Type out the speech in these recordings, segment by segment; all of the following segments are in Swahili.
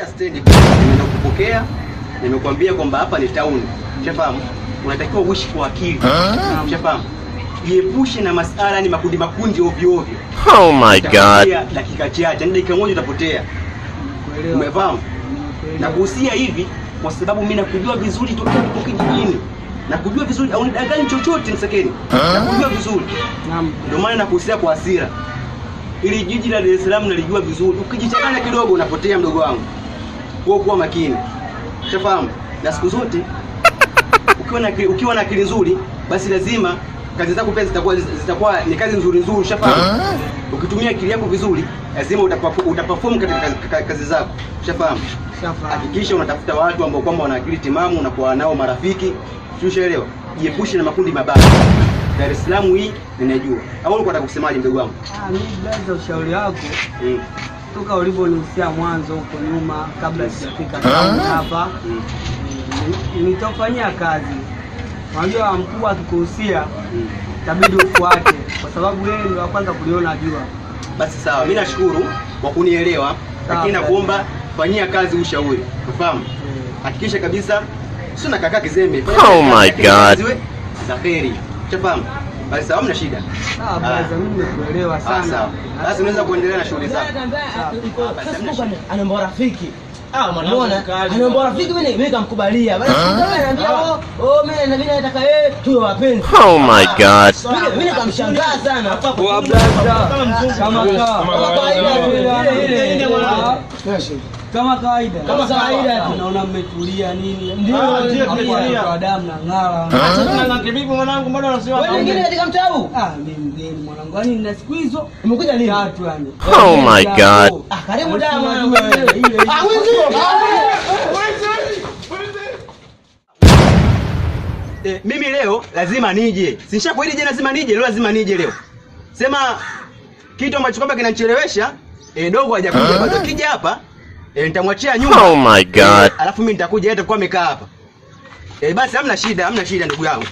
moja stendi kupokea, nimekuambia kwamba hapa ni town. Ushafahamu? Unatakiwa uishi kwa akili. Ushafahamu? Jiepushe na masuala ni makundi makundi ovyo ovyo. Oh my god. Dakika chache, ni dakika moja utapotea. Umefahamu? Na kuhusia hivi kwa sababu mimi nakujua vizuri toka tuko kijijini. Nakujua vizuri au nidangani chochote msekeni. Nakujua vizuri. Naam. Ndio maana nakuhusia kwa hasira. Ili jiji la Dar es Salaam nalijua vizuri. Ukijichanganya kidogo unapotea mdogo wangu. Kwa kuwa makini. Ushafahamu? Na siku zote ukiwa na ukiwa na akili nzuri, basi lazima kazi zako pia zitakuwa zitakuwa ni kazi nzuri nzuri, shafahamu. Ukitumia akili yako vizuri, lazima utaperform katika kazi, kazi zako. shafahamu. Hakikisha unatafuta watu ambao kwamba wana akili timamu na kuwa nao marafiki. Ushaelewa? Jiepushe na makundi mabaya. Dar es Salaam hii ninajua. Au ulikuwa unataka kusemaje, mdogo wangu? Ah, mimi blaza, ushauri wako. Mm toka ulivyonihusia mwanzo huko nyuma, kabla sijafika hapa, nitafanyia kazi. Unajua mkuu akikuhusia itabidi ufuate, kwa sababu yeye ndio wa kwanza kuliona jua. Basi sawa, mimi nashukuru kwa kunielewa, lakini nakuomba fanyia kazi ushauri, ufahamu, hakikisha kabisa sio na kaka kizembe. Oh my god, zaheri, ufahamu basi sawa, shida. Ah, ah. Ah, sawa sana. Basi unaweza kuendelea na shughuli zako. Anaomba rafiki. Ah, oh, my god kama kawaida kama kawaida, tunaona mmetulia nini? Ah, ndio ndio, damu na ngara. Hata ah, tunang'aa kivipi mwanangu? Bado anasema wewe mwingine katika mtaa huu. Ah, mimi mgeni mwanangu, yani nina siku hizo. Umekuja nini watu yani. Oh my god. Ah, karibu damu. Ah, wizi. Ah, eh, mimi leo lazima nije. Sinishakwidi je, lazima nije, leo lazima nije leo. Sema kitu ambacho kwamba kinachelewesha eh, dogo hajakuja bado. Kija hapa Eh, nitamwachia nyumba. Oh my God. Eh, alafu mimi nitakuja hata kwa amekaa hapa. Eh, basi hamna shida, hamna shida ndugu yangu.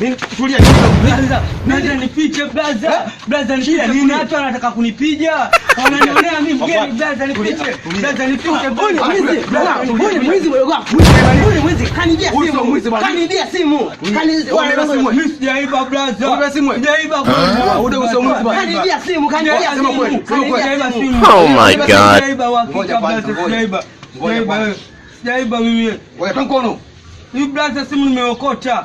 Mimi tulia Brother, Mimi nipiche brother. Eh? Blaza nipiche. Nini watu wanataka kunipiga? Wananionea mimi mgeni brother nipige. Brother nipige. Ah, mbona mimi? Mbona mimi? mwizi mdogo wako. Mwizi mwizi kanijia simu. Kanijia simu. Kanijia simu. Mimi sijaiba brother. Unaiba simu. Sijaiba eh? brother. Unataka kusema mwizi bwana. Kanijia simu, kanijia simu. Sijaiba simu. Oh my god. Sijaiba Sijaiba. mimi. Ngoja mkono. Hii brother simu nimeokota.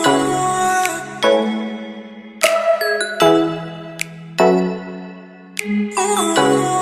Ooh.